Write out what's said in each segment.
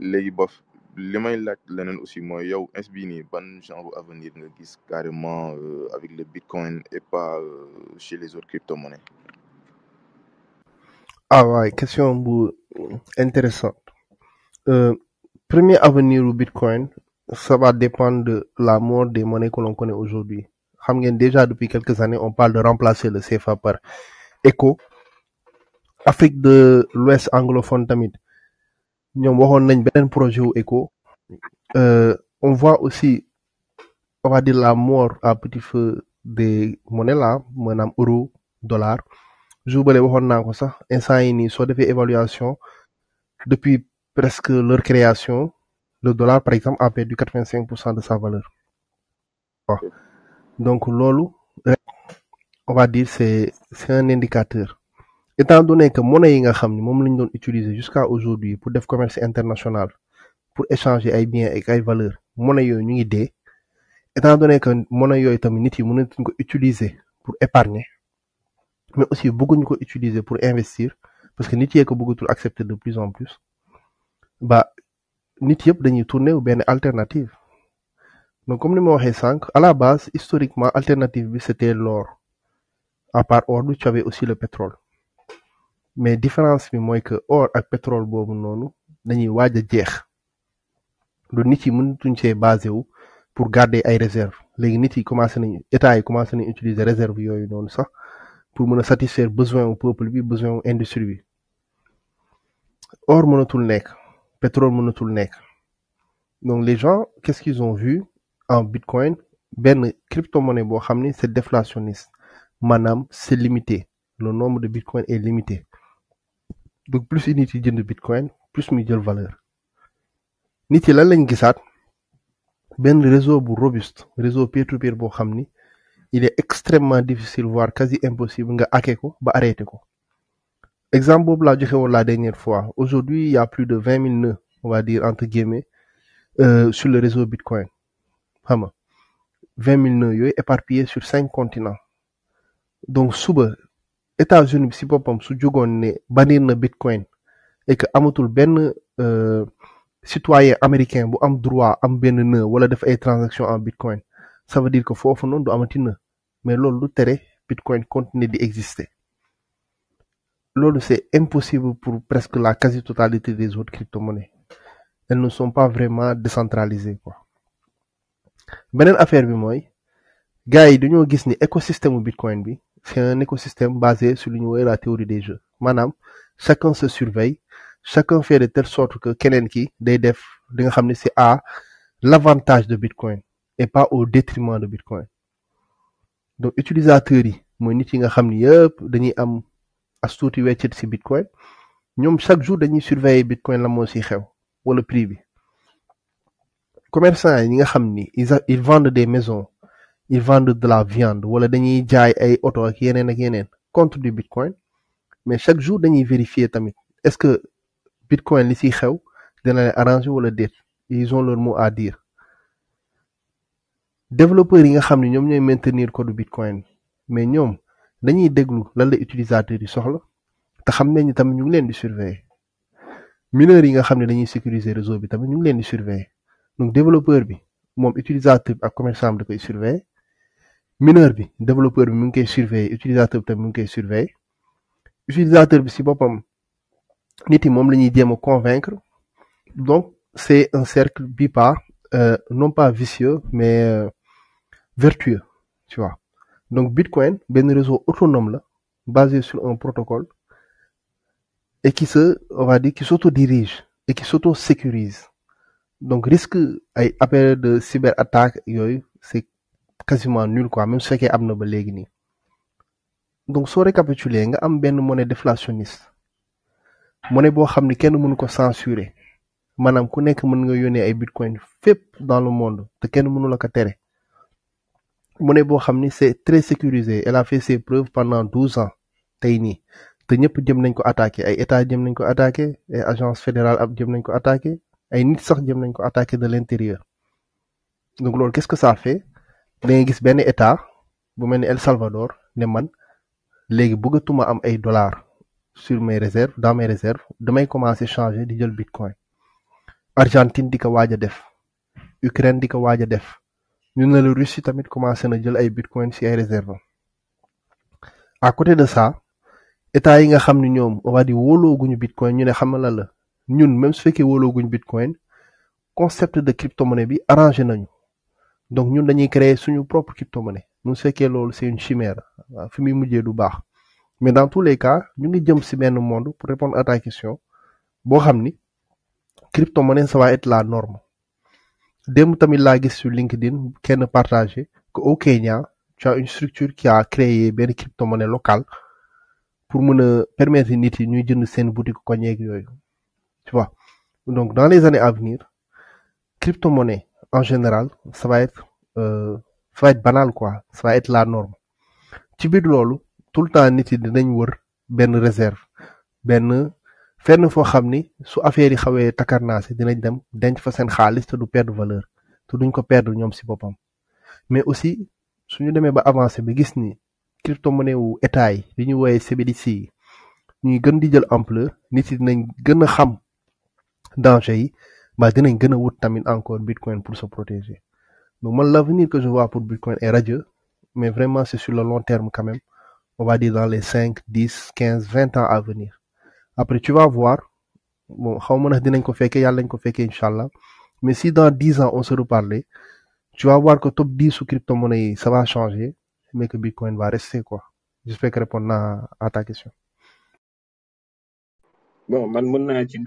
léegi bof li may les leneen aussi mooy yow est bii ban genre avenir nga gis carrément euh, avec le bitcoin et pas euh, chez les autres crypto-monnaies ah ouais question intéressante euh, premier avenir au bitcoin ça va dépendre de la mort des monnaies que l'on connaît aujourd'hui déjà depuis quelques années on parle de remplacer le CFA par Eco, Afrique de l'Ouest anglophone tamit euh, on voit aussi on va dire la mort à petit feu des monnaies là maanaam euro dollar Je vous que sax évaluation depuis presque leur création le dollar par exemple a perdu 85% de sa valeur donc on va dire c'est un indicateur étant donné que monnaie yi nga xamni mom lañ doon utiliser jusqu'à aujourd'hui pour des commerce international pour échanger ay biens et des valeurs monnaie est ñu ngi étant donné que monnaie yooyu tamit nit yi ko utiliser pour épargner mais aussi bëgguñ ko utiliser pour investir parce que nit yi ko bëggatul accepter de plus en plus Bah, nit yëpp dañuy tourner ou benn alternative donc comme ni ma waxee sànq à la base historiquement alternative c'était l'or à part or du tu aussi le pétrole mais différence bi mooy que or ak pétrole boobu noonu dañuy waaj a jeex lu nit yi mënatuñ see basé pour garder ay réserves. léegi nit yi commencé nañu état yi commencé nañu utiliser réserve yooyu noonu sax pour mën satisfaire besoin wu peuple bi besoin wu industrie bi or mënatul pétrole mënatul donc les gens qu'est-ce qu'ils ont vu en bitcoin ben crypto-monnaie boo xam c'est déflationniste Manam, c'est limité le nombre de bitcoin est limité donc plus y a de bitcoin plus a de valeur nit yi lan lañ gisaat ben réseau bu robuste réseau peer-to-peer il est extrêmement difficile voire quasi impossible nga hacker ko ba arrêter. exemple je laa joxe la dernière fois aujourd'hui il y a plus de 20 000 nœuds on va dire entre guillemets euh, sur le réseau bitcoin Vraiment. 20 000 nœuds éparpillés sur 5 continents donc suba États-Unis si boppam su jógoon ne na bitcoin et que ben euh, citoyen américain bu am droit am faire une wala def ay transaction en bitcoin ça veut dire que foofu noonu du amati mais loolu lu tere bitcoin continue d'exister exister c'est impossible pour presque la quasi-totalité des autres crypto-monnaies elles ne sont pas vraiment décentralisées quoi Benen affaire bi mooy gars yi y ni écosystème bitcoin bi c'est un écosystème basé sur li et la théorie des jeux Manam, chacun se surveille chacun fait de telle sorte que Quelqu'un qui, des def li c'est à l'avantage de Bitcoin et pas au détriment de Bitcoin donc utilisateurs yi mooy nit yi nga xam ni Bitcoin Nous, chaque jour dañuy surveiller Bitcoin la le ci xew wala prix commerçants ils vendent des maisons ils vendent de la viande wala dañuy jaay ay oto ak n'en ak yeneen contre du bitcoin mais chaque jour dañuy vérifier tamit est-ce que bitcoin li siy xew dina leen arranger wala déet ils ont leur mot à dire développeurs yi nga xam ne ils ñooy maintenir code bitcoin mais ñoom dañuy déglu lan la utilisateur yi soxla te xam nañ ni tamit ñu ngi di surveiller mineurs yi nga xam ne dañuy sécuriser réseau bi ont ñu ngi di surveiller donc développeur bi moom utilisateur bi ak commerçant da koy surveiller mineur bi développeur bi mu ngi surveiller utilisateur bi tamit mu utilisateur bi si boppam nit yi moom la convaincre donc c'est un cercle bipart euh, non pas vicieux mais euh, vertueux tu vois donc Bitcoin un réseau autonome là, basé sur un protocole et qui se on va dire qui s'autodirige et qui s'auto-sécurise donc risque ay appel de cyberattaque yooyu c'est quasiment nul quoi même ce qui est na ba léegi nii donc so récapituler nga am une monnaie déflationniste monnaie qui xamni censurée. kenn mënu ko censurer manam ku nek mën nga yone ay bitcoin fep dans le monde te kenn mënu la ko téré monnaie qui xamni c'est très sécurisé elle a fait ses preuves pendant 12 ans tey nii te ñëpp jëm nañ ko attaquer ay état jëm nañ ko attaquer et agence fédérale ab jëm nañ ko attaquer ay nit sax jëm nañ ko attaquer de l'intérieur donc qu'est-ce que ça fait da ngay gis benn état bu mel El Salvador ne man léegi bëggatuma am ay dollars sur mes réserves dans mes réserves damay commencé changer di jël bitcoin Argentine di ko waaj a def Ukraine di ko waaj a def ñu ne la Russie tamit commencé na jël ay bitcoin si ay réserve à côté de ça état yi nga xam ñoom on va dire wóolooguñu bitcoin ñu ne xam la la ñun même su fekkee wóolooguñu bitcoin concept de crypto-monnaie bi arrangé nañu donc nous dañuy créer suñu propre cryptomonnaie Nous savons que c'est une chimère fi du baax mais dans tous les cas nous ngi jëm au le monde pour répondre à ta question Bon, xam crypto-monnaie ça va être la norme Dès tamit laa gis sur LinkedIn kenn partagé que au Kenya tu as une structure qui a créé crypto-monnaie locale pour mën permettre nit yi ñuy jënd seen boutique tu vois donc dans les années à venir crypto-monnaie en général ça va être euh, ça va être banal quoi ça va être la norme ci biir l'olu, tout le temps nit yi dinañ wër ben réserve ben, fenn foo xam ni su affaire yi xawee takarnaase dinañ dem denc fa seen xaalis te du perdre valeur te duñ ko perdre ñoom si boppam mais aussi suñu demee ba avancer, bi gis ni que wu état yi li ñu wooyee CBDC nous ñuy gën di jël ampleur nit yi dinañ gën xam danger yi ba dinañ gëna wut encore Bitcoin pour se protéger donc moi l'avenir que je vois pour Bitcoin est radieux mais vraiment c'est sur le long terme quand même on va dire dans les 5, 10, 15, 20 ans à venir après tu vas voir bon xaw ma dinañ ko féké yalla nañ ko mais si dans 10 ans on se reparle tu vas voir que top 10 sous crypto-monnaie ça va changer mais que Bitcoin va rester quoi j'espère que répondre à ta question. bon man mën ci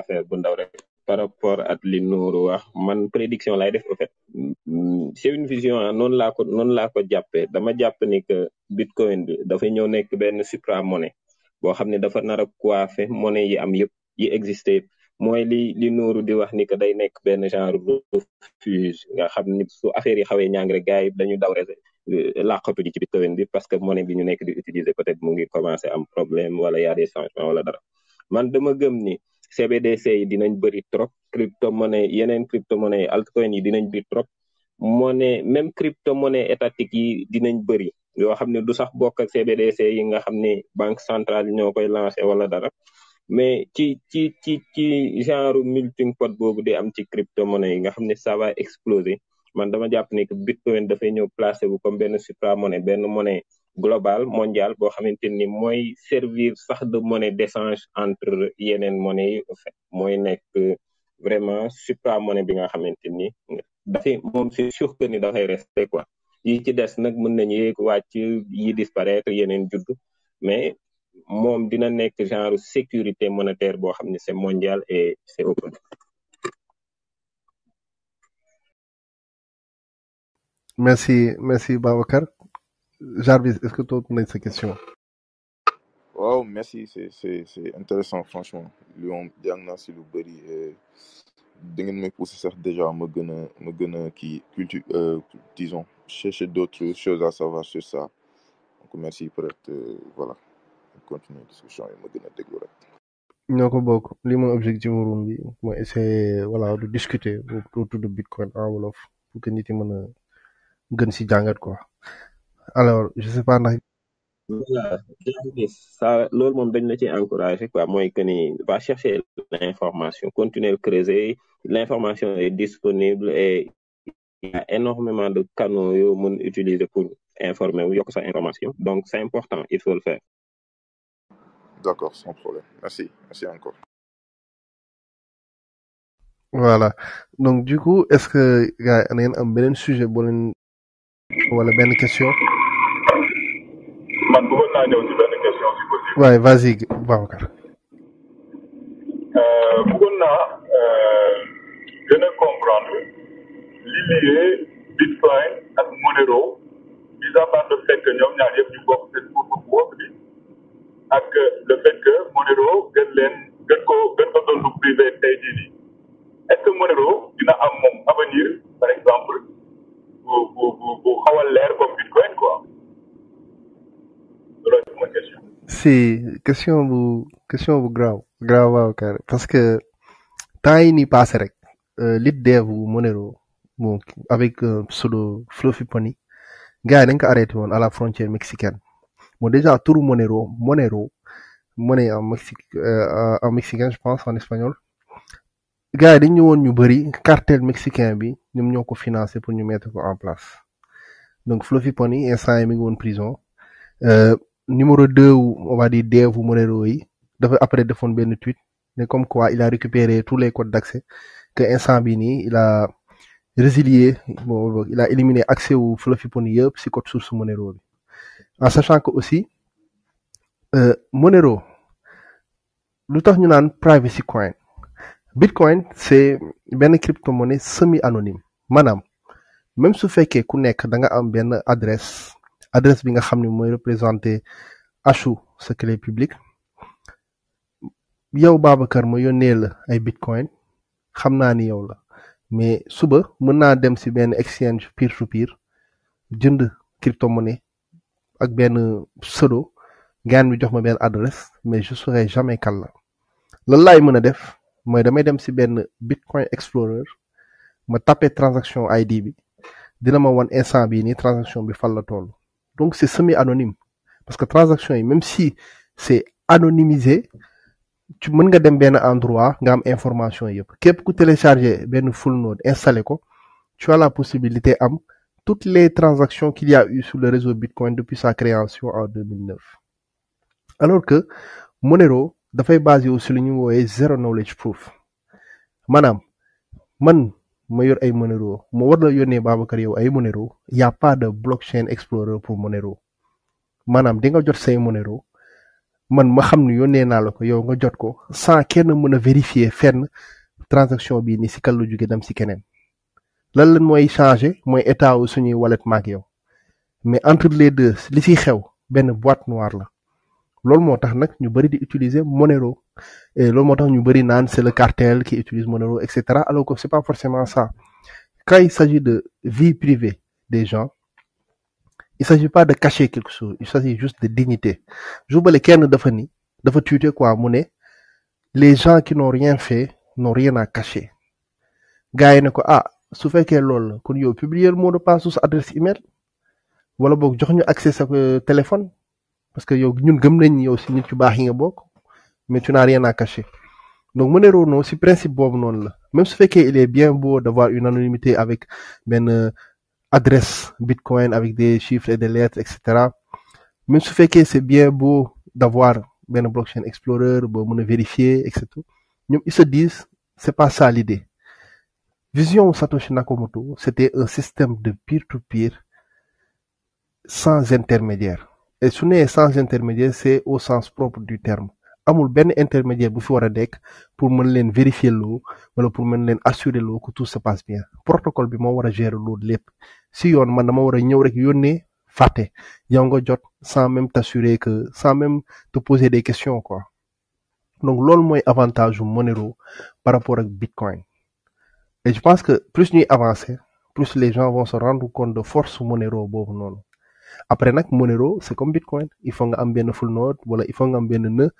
affaire bu ndaw rek. par rapport ak li Nour wax man prédiction lay def en fait c'est une vision non la ko non la ko jàppee dama jàpp ni que bitcoin bi dafa ñëw nekk benn supra monnaie boo xam ne dafa nar a coiffé monnaie yi am yëpp yi existé yëpp li li Nour di wax ni que day nekk benn genre refuge nga xam ni su affaire yi xawee ñaang rek gars dañu daw rek euh, làqatu ji ci bitcoin bi parce que monnaie bi ñu nekk di utiliser peut-être mu ngi commencé am problème wala y des changements wala dara man dama gëm ni. CBDC yi dinañ bëri trop cryptomonnaie yeneen cryptomonnaie yi altcoin yi dinañ bëri trop monnaie même cryptomonnaie état yi dinañ bëri yoo xam ne du sax bokk ak CBDC yi nga xam ne banque centrale ñoo koy lancé wala dara mais ci ci ci ci genre melting pot boobu di am ci cryptomonnaie yi nga xam ne ça va exploser man dama jàpp ne que bitcoin dafay ñëw placé bu comme benn supra monnaie benn monnaie global mondial bo xamante moy servir sax de monnaie d'échange entre yenen monnaie yi moy nek vraiment supra monnaie bi nga xamante ni dafay moom c'est sûr que ni fay rester quoi yi ci des nak mën nañu yéeg wacc yi disparaître yenen judd mais mom dina nek genre sécurité monétaire bo xamni c'est mondial et c'est open merci merci Babacar Jarvis, est-ce que tu connais cette question? Wow, merci, c'est intéressant, franchement. Le moom c'est le si lu bëri da ngeen déjà ma gën a ma gën a kii culture euh, disons chercher d'autres choses à savoir sur ça donc merci pour être euh, voilà continuer discussion et ma gën a déglu rek. ñoo ko li objectif room bi essayer voilà de discuter autour de Bitcoin en wolof pour que nit yi mën gën si jàngat quoi alors je sais pas non. voilà ça loolu dañ la ci encouragé quoi Moi, que ni va chercher l'information continuer de creuser l'information est disponible et il y a énormément de canaux yo sont utiliser pour informer ou que sa information donc c'est important il faut le faire. D'accord, sans problème. Merci, merci encore. Voilà. Donc du coup, est-ce que gars, on a un sujet, une... voilà, bonne question man bëggoon question vas-y bitcoin ak Monero mis à vis de fait que nous ñaar yëpp ñu pour le fait que Monero gën gën ko gën privé est-ce que Monero dina am avenir par exemple pour bu l'air comme bitcoin quoi de ma question. Si, question bu question bu grave grave waaw car parce que temps yi ni passé rek euh, lit dev Monero bon avec solo Fluffy Pony gars yi arrêté woon à la frontière mexicaine bon déjà tour Monero Monero monnaie en Mexique euh, en mexicain je pense en espagnol gars yi dañ ñëwoon ñu bëri cartel mexicain bi ñoom ñoo ko financé pour ñu mettre ko en place donc Fluffy Pony instant yi mi ngi woon prison euh, numéro 2 on va dire dev Monero moneroi dafa après de benn tweet mais comme quoi il a récupéré tous les codes d'accès que instant bi il a résilié bon il a éliminé accès au Fluffy Pony yëpp si code source Monero en sachant que aussi euh, Monero lu tax ñu privacy coin Bitcoin c'est une crypto-monnaie semi anonyme Madame, même si vous ku une da nga am adresse adresse bi nga xam ne mooy représenté achu sa clé publique yow Babacar ma yónnee la ay bitcoin xam naa ni yow la mais suba mën naa dem si benn exchange piir to peer jënd cryptomonnaie ak benn pseudo gaan bi jox ma benn adresse mais je saurai jamais kan la lan laay mën a def mooy damay dem si benn bitcoin explorer ma tapé transaction ID bi dina ma wan instant bii nii transaction bi fan la toll Donc c'est semi-anonyme. Parce que transaction même si c'est anonymisé, tu mën nga dem endroit gamme information si tu télécharger un full node installé quoi tu as la possibilité am toutes les transactions qu'il y a eu sur le réseau Bitcoin depuis sa création en 2009 alors que Monero est basé sur le niveau zero knowledge proof madame ma yor ay Monero ma war la yónnee Babacar yow ay Monero y' a pas de blockchain explorer pour Monero maanaam di nga jot say Monero man ma xam ni yónnee naa la ko yow nga jot ko sans kenn mën a vérifier fenn transaction bii ni si kan la jóge dem si keneen lan lan mooy changé mooy état wu suñuy wallet maak yow mais entre les deux li siy xew benn boîte noire la. loolu moo tax nag ñu di utiliser Monero et loolu moo c'est le cartel qui utilise Monero etc. alors que c'est pas forcément ça quand il s'agit de vie privée des gens il ne s'agit pas de cacher quelque chose il s'agit juste de dignité jubale kenn dafa ni dafa quoi mu ne les gens qui n'ont rien fait n'ont rien à cacher gars yi ne ko ah su fekkee loolu la kon publier le mot de passe adresse email wala boog jox ñu accès euh, téléphone parce que yow ñun gëm nañ yow si nit yi nga mais tu n'as rien à cacher donc erreur, non si principe boobu noonu la même su il est bien beau d'avoir une anonymité avec benn euh, adresse Bitcoin avec des chiffres et des lettres etc. même si c'est bien beau d'avoir un blockchain explorer une monnaie a vérifier et ils se disent c'est pas ça l'idée vision Satoshi Nakamoto c'était un système de peer-to-peer sans intermédiaire et su un sens intermédiaire c'est au sens propre du terme amul y intermédiaire bu fi wara pour mën vérifier le, wala pour mën assurer que tout se passe bien protocole bi mo wara gérer loolu lepp si yone man dama wara a rek yónnee faté yow nga jot sans même t'assurer que sans même te poser des questions quoi donc lool moy avantage Monero par rapport ak Bitcoin et je pense que plus nous avancer plus les gens vont se rendre compte de force Monero bobu non après nak Monero c'est comme Bitcoin il faut nga am ben full node wala il faut nga am ben nœud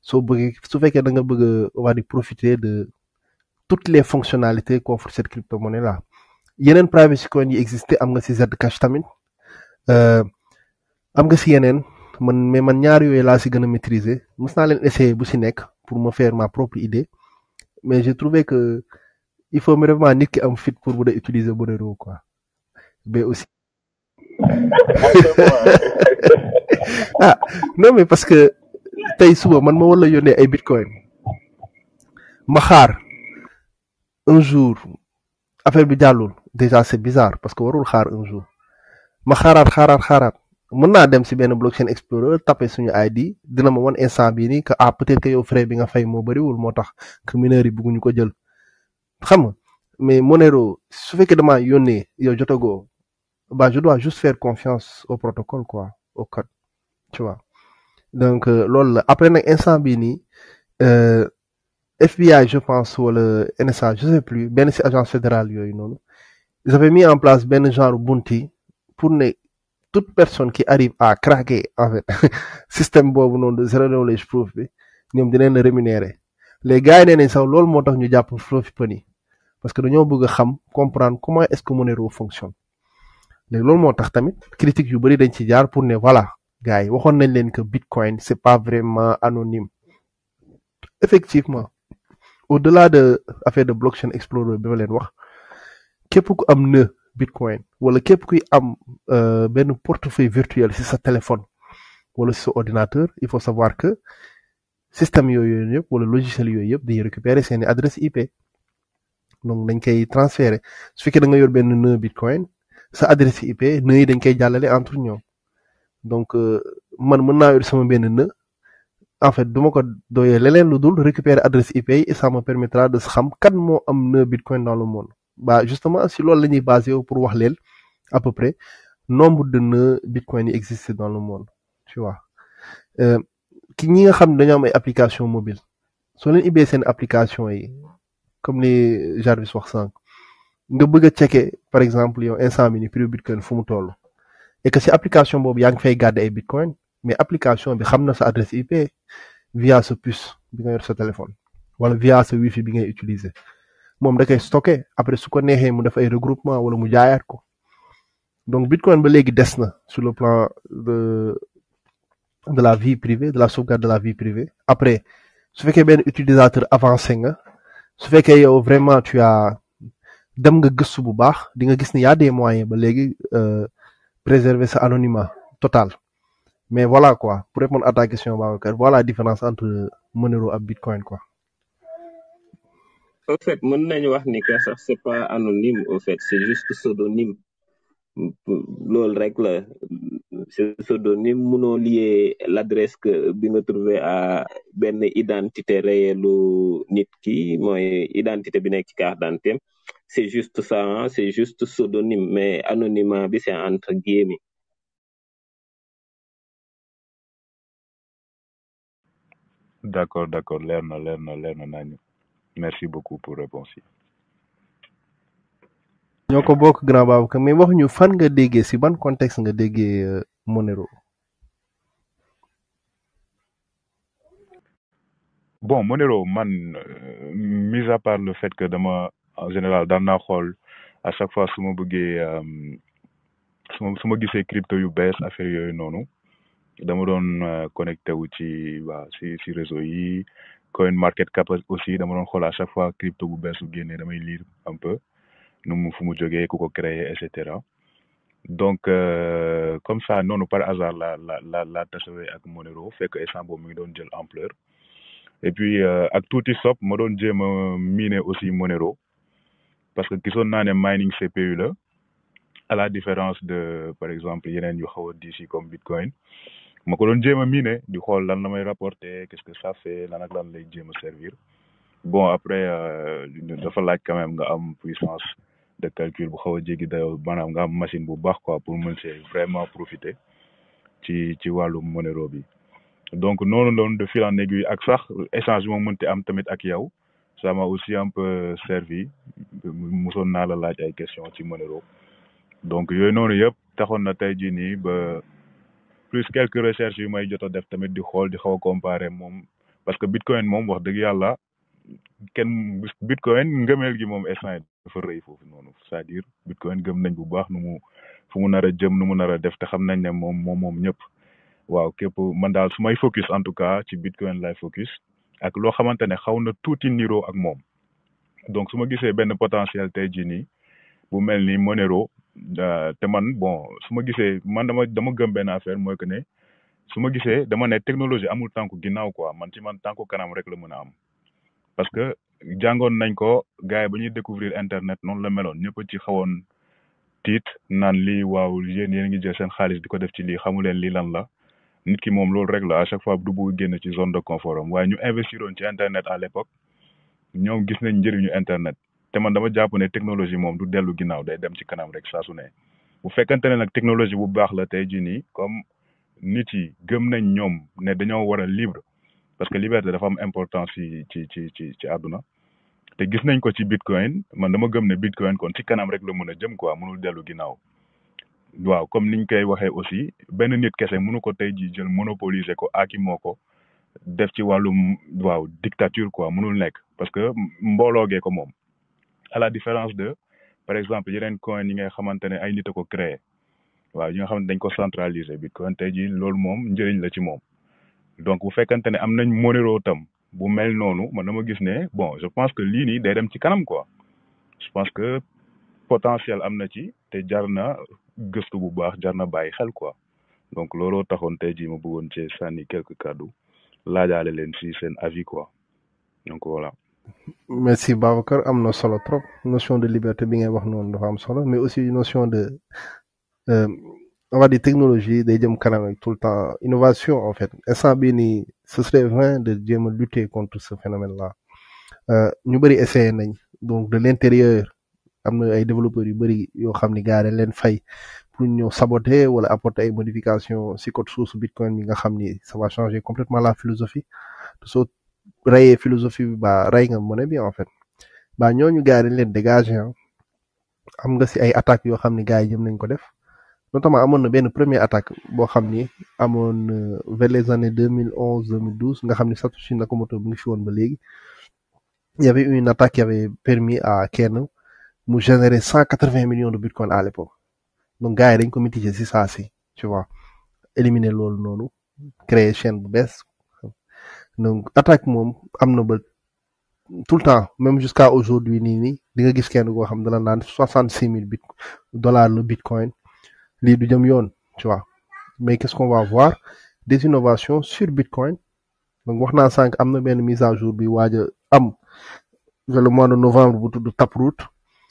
so bëggee su féké da nga bëgg profiter de toutes les fonctionnalités qu'offre cette crypto-monnaie là yenen privacy coin yi existé am nga si Zcash tamit euh, am nga si yenen man mais man ñaar yooyu la si gëna maîtriser mos leen essayer bu pour me faire ma propre idée mais j'ai trouvé que il faut vraiment nit ki am fit pour bu utiliser Monero quoi mais aussi ah non mais parce que tey suba man ma war la yónnee ay bitcoin ma xaar un jour affaire bi jàllul déjà c'est bizarre parce que warul xaar un jour ma xaaraat xaaraat xaaraat mën naa dem si benn blockchain explorer tapé suñu ID dina ma wan instant bii nii que ah peut-être que frais bi nga fay moo bariwul moo tax que mineurs yi bëgguñu ko jël xam nga mais Monero su fekkee damaa yónnee yow jotagoo bah, je dois juste faire confiance au protocole, quoi, au code, tu vois. Donc, euh, après nag instant euh, FBI je pense le NSA je sais plus bien c'est agence fédérale yooyu non ils avaient mis en place Benjamin genre bunti pour ne toute personne qui arrive à craquer en fait système boobu non de zero knowledge proof bi ñoom dinañ rémunérer les gars ils ont dit, lol, loolu moo tax ñu jàpp parce que nous bëgg comprendre comment est-ce que Monero fonctionne le c'est ce tamit critique yu critiques dañ ci pour ne voilà gars yi waxoon nañ que bitcoin c'est pas vraiment anonyme effectivement au-delà de l'affaire de blockchain explorer bi ma leen wax képp ku am nœud bitcoin wala qu'il y am un euh, portefeuille virtuel sur sa téléphone ou sur son ordinateur il faut savoir que système ou le logiciel de récupérer seeni adresse IP donc dañ koy transférer su fekkee da nga yor un nœud bitcoin sa adresse IP Nous y dañ koy entre ñoom donc euh, man mën naa yor sama benn en fait du ma ko doyee leneen récupère dul récupérer adresse IP et ça me permettra de xam quand moi, am bitcoin dans le monde bah justement si loolu base basé pour voir leen à peu près nombre de nœuds bitcoin existent dans le monde tu vois euh, ki ñi a xam ne dañoo application mobile soo leen ubbee application comme les Jarvis 65 nga bëgg a par exemple yow instant bi ni prix bitcoin fu mu toll et que ces applications boobu yaa ngi fay garder ay bitcoin mais application bi xam sa adresse IP via ce puce bi nga yor sa téléphone wala via ce wifi bi ngay utiliser moom da koy stocké après su ko neexee mu def ay regroupement wala mu jaayaat ko donc bitcoin ba léegi des na sur le plan de la vie privée de la sauvegarde de la vie privée après su fekkee benn utilisateur avancé nga su fekkee yow vraiment tu as dem nga gëstu bu baax di nga gis ni y a des moyens ba léegi euh, préserver sa anonymat total mais voilà quoi pour répondre à voilà la différence entre Monero ak Bitcoin quoi. au fait mën nañu wax ni que sax c'est pas anonyme au fait c'est juste pseudonyme loolu rek la c'est pseudonyme mënoo lier l'adresse que bi nga trouvé à benn identité réelu nit ki mooy identité bi nekk ci carte d'identité c'est juste ça, hein. c'est juste pseudonyme, mais anonymat c'est entre guillemets. D'accord, d'accord, l'air na l'air na l'air merci beaucoup pour réponse ñoko ñoo ko bokk grand Babacar mais wax ñu fan nga déggé si ban contexte nga déggé euh, Monero. Bon, Monero, man, euh, mis à part le fait que dama en général dans naa xool à chaque fois su ma bëggee euh, su ma crypto yu bees affaire non noonu dama doon euh, connecté wu ci si si réseau yi coin market cap aussi dama doon xool à chaque fois crypto bu ou bu génnee damay lire un peu nous nous fu mu jógee ku créer et cetera donc euh, comme ça noonu par hasard la la la la avec Monero fekk instant boobu mi ngi doon ampleur et puis ak tuuti sob ma doon jéem a aussi Monero parce que sont dans les mining CPU là, à la différence de par exemple il yu xaw a comme bitcoin ma ko doon mine, miné di xol lan lamay rapporter qu'est-ce que ça fait lan ak lan lay me servir bon après euh, dafa laaj quand même nga am puissance de calcul bu xaw djegi jéggi dayoo nga am machine bu bax quoi pour mën vraiment profiter ci ci walu Monero bi donc nous non de fil en aiguille ak sax échange mo à am tamit ak yow ça m'a aussi un peu servi Je naa la de ay question ci questions donc je suis na de plus quelques recherches Je may jot à def tamit di comparer parce que bitcoin bitcoin c'est gi c'est-à-dire bitcoin gëm nañ bu jëm allé à def te xam nañ focus en tout cas ci bitcoin focus ak loo xamante ne xaw na tuuti niroo ak moom donc su ma gisee benn potentiel tey jii nii bu mel ni Monero euh, te man bon su ma gisee man dama dama gëm benn affaire mooy que ne su ma gisee dama ne technologie amul tànku ginnaaw quoi man ci man tànku kanam rek la mën a am parce que jàngoon nañ ko gars yi ba ñuy découvrir internet noonu la meloon ñëpp ci xawoon tiit nan lii waaw yéen yéen a ngi jël seen xaalis di ko def ci lii xamu leen lii lan la nit ki moom loolu rek la à chaque fois du bëgg génn ci zone de confort am waaye ñu investiroon ci internet à l'époque ñoom gis nañ njëriñu internet te man dama jàpp ne technologie moom du dellu ginnaaw day dem ci kanam rek saa ne bu fekkante ne nag technologie bu baax la tey jii nii comme nit yi gëm nañ ñoom ne dañoo war libre parce que liberté dafa am importance ci ci ci ci ci àdduna te gis nañ ko ci bitcoin man dama gëm ne bitcoin kon ci kanam rek la mun a jëm ko mënul dellu ginnaaw. waaw comme niñ koy waxee aussi benn nit kese mënu ko tey ji jël monopoliser ko aaki moo ko def ci wàllum waaw dictature quoi mënul nekk parce que mbooloogee ko moom à la différence de par exemple yeneen coin yi nga xamante ne ay nit a ko créé waaw yi nga xamante dañ ko centraliser bitcoin tey ji loolu moom njëriñ la ci moom donc bu fekkante ne am nañ Monero tam bu mel noonu man dama gis ne bon je pense que lii nii day dem ci kanam quoi je pense que potentiel am na ci te jar na gëstu bu baax jarna na xel quoi donc lolo taxone tay ji ma bëggoon ci sànni quelques cadeau. laajaale len ci sen avis quoi donc voilà. merci Babacar amna solo trop notion de liberté bi ngay wax non dafa am solo mais aussi notion de euh, on va dire technologie day jëm kanam tout le temps innovation en fait instant bii nii ce serait vain de jëm lutter contre ce phénomène là euh, ñu bari essayer nañ donc de l'intérieur am ay développeurs yu bari yo xamni gaare len fay pour ñëw saboter wala apporter ay modifications si code source bitcoin mi nga xamni ça va changer complètement la philosophie to soo rayee philosophie ba ray nga monnaie bi en fait ba ñooñu gars dañ leen dégager hein. am nga ci ay attaques yo xamni gaay jëm nañ ko def notamment amoon na benn premier attaque bo xamni ni amoon euh, vers les années 2011 2012 nga xamni Satoshi Nakamoto bi ngi fi won ba légui il y avait une attaque qui avait permis à kenn mu générer 180 millions de bitcoin à l'époque donc gars il comité tu vois éliminer créer chaîne de donc attaque tout le temps même jusqu'à aujourd'hui Nini, ni dollars le bitcoin tu vois mais qu'est-ce qu'on va voir des innovations sur bitcoin donc mise à jour le mois de novembre de Taproot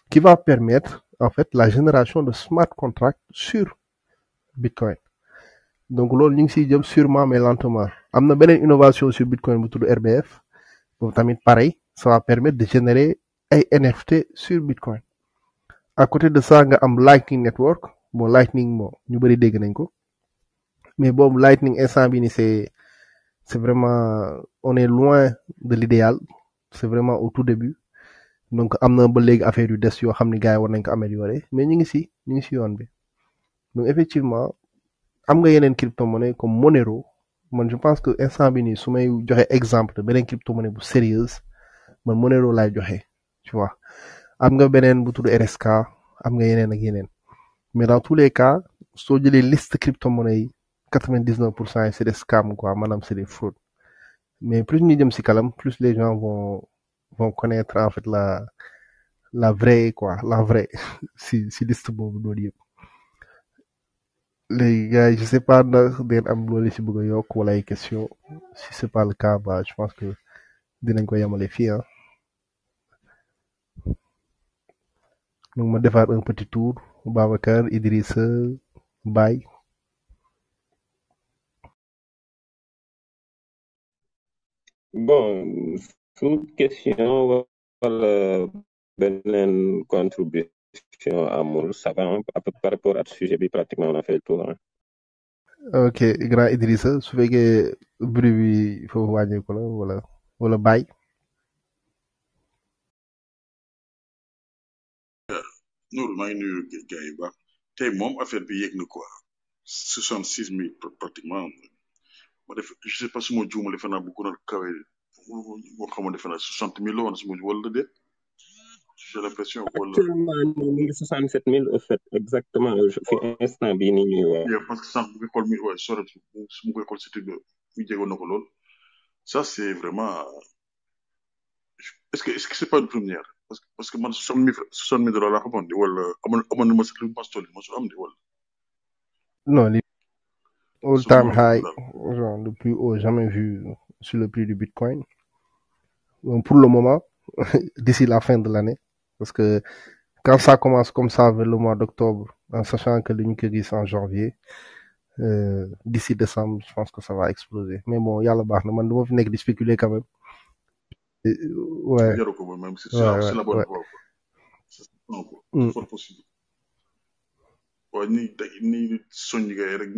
qui va permettre en fait la génération de smart contracts sur Bitcoin. donc l'on ñu ngi sûrement mais lentement y a une innovation sur Bitcoin bu de RBF Donc, pareil ça va permettre de générer un NFT sur Bitcoin à côté de ça a am Lightning Network bon Lightning on ñu bëri dégg nañ mais bon, Lightning instant bi c'est c'est vraiment on est loin de l'idéal c'est vraiment au tout début donc am na ba léegi yu des yoo xam ne gars yi war nañ ko améliorer mais ñu ngi si ñu ngi si yoon bi donc effectivement am nga yeneen cryptomonnaie comme Monero man je pense que instant bi nii su may joxe exemple beneen cryptomonnaie bu sérieuse man Monero laay joxe tu vois am nga beneen bu tudd RSK am nga yeneen ak yeneen mais dans tous les cas soo jëlee liste cryptomonnaie yi quatre-vingt-dix-neuf pour cent yi c'est des scams quoi maanaam c'est mais plus ñu jëm si kalam plus les gens vão conectar la, la vraie, quoi, la vraie, si, si l'istumum non yëpp. Les gars, je sais pas ndax den am loolu si bëgg a yokk wala ay question si c'est pas le cas bah je pense que dinañ ko yemale fii hein. Donc ma defaat un petit tour Babacar Idrissa Baye Bom, suñu question wala beneen contribution amul ça par rapport ak sujet bi pratiquement a fait le ok grand Idrissa su fekkee bruit bi foofu wàññeeku la wala wala bàyyi. Nour maa ngi nuyu gars yi baax tey moom bi yéeg na soixante six mille pratiquement ma def je sais pas su ma juumalee fanaan bu bo xamantene fa 60 millions won suma wala de j'ai l'impression wala actuellement 67 000 fait exactement fi instant bi ni ñuy wax parce que sax bu ko xol mi wa sore suma ça c'est vraiment est-ce que ce n'est pas une première parce que 60 000 euros, la ne di pas amon amon ma sa pastole ma su am di wala non les all time high le plus haut jamais vu sur le prix du Bitcoin. pour le moment, d'ici la fin de l'année, parce que quand ça commence comme ça vers le mois d'octobre, en sachant que l'unique est en janvier, euh, d'ici décembre, je pense que ça va exploser. Mais bon, il y a le bar, man, nous venir de spéculer quand même. ouais. la bonne voie. C'est mm. possible. Ouais, ni, ni gay rek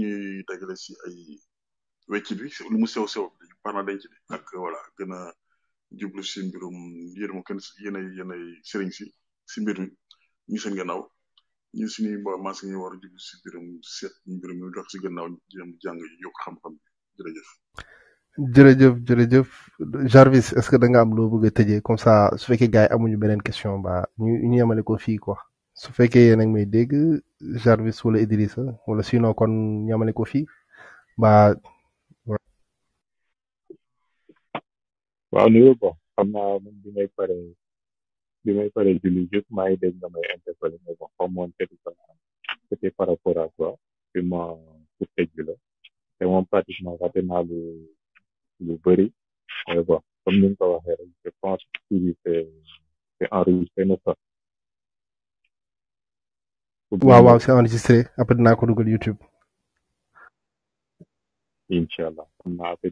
wecc bi lu mu sew sew parna denc bi ak voilà gën a jublu si mbirum yéen mu kenn yéen ay yéen ay sëriñ si si mbir ñu seen gannaaw ñu suñu maas ngi war a jublu si mbirum seet mbirum ñu dox si gannaaw jëm jàng yokk xam-xam jërëjëf jërëjëf jërëjëf jarvis est ce que da nga am loo bëgg a tëjee comme ça su fekkee gars yi amuñu beneen question ba ñu ñu yemale ko fii quoi su fekkee yéen ak may dégg jarvis wala idrissa wala sinon kon ñu yemale ko fii ba waaw nuyoo bon xam naa bi may pare bi may pare julli jóg maa ngi dégg nga may interpellé mais bon xaw ma woon c'était par rapport à quoi bi moom pratiquement raté naa lu lu bëri mais bon comme ni nga ko waxee rek je pense que tout bi sax waaw waaw c'est enregistré après dinaa ko dugal YouTube incha allah xam naa après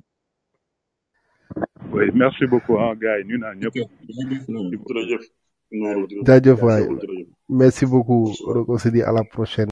merci beaucoup hein, merci beaucoup. on se dit à la prochaine.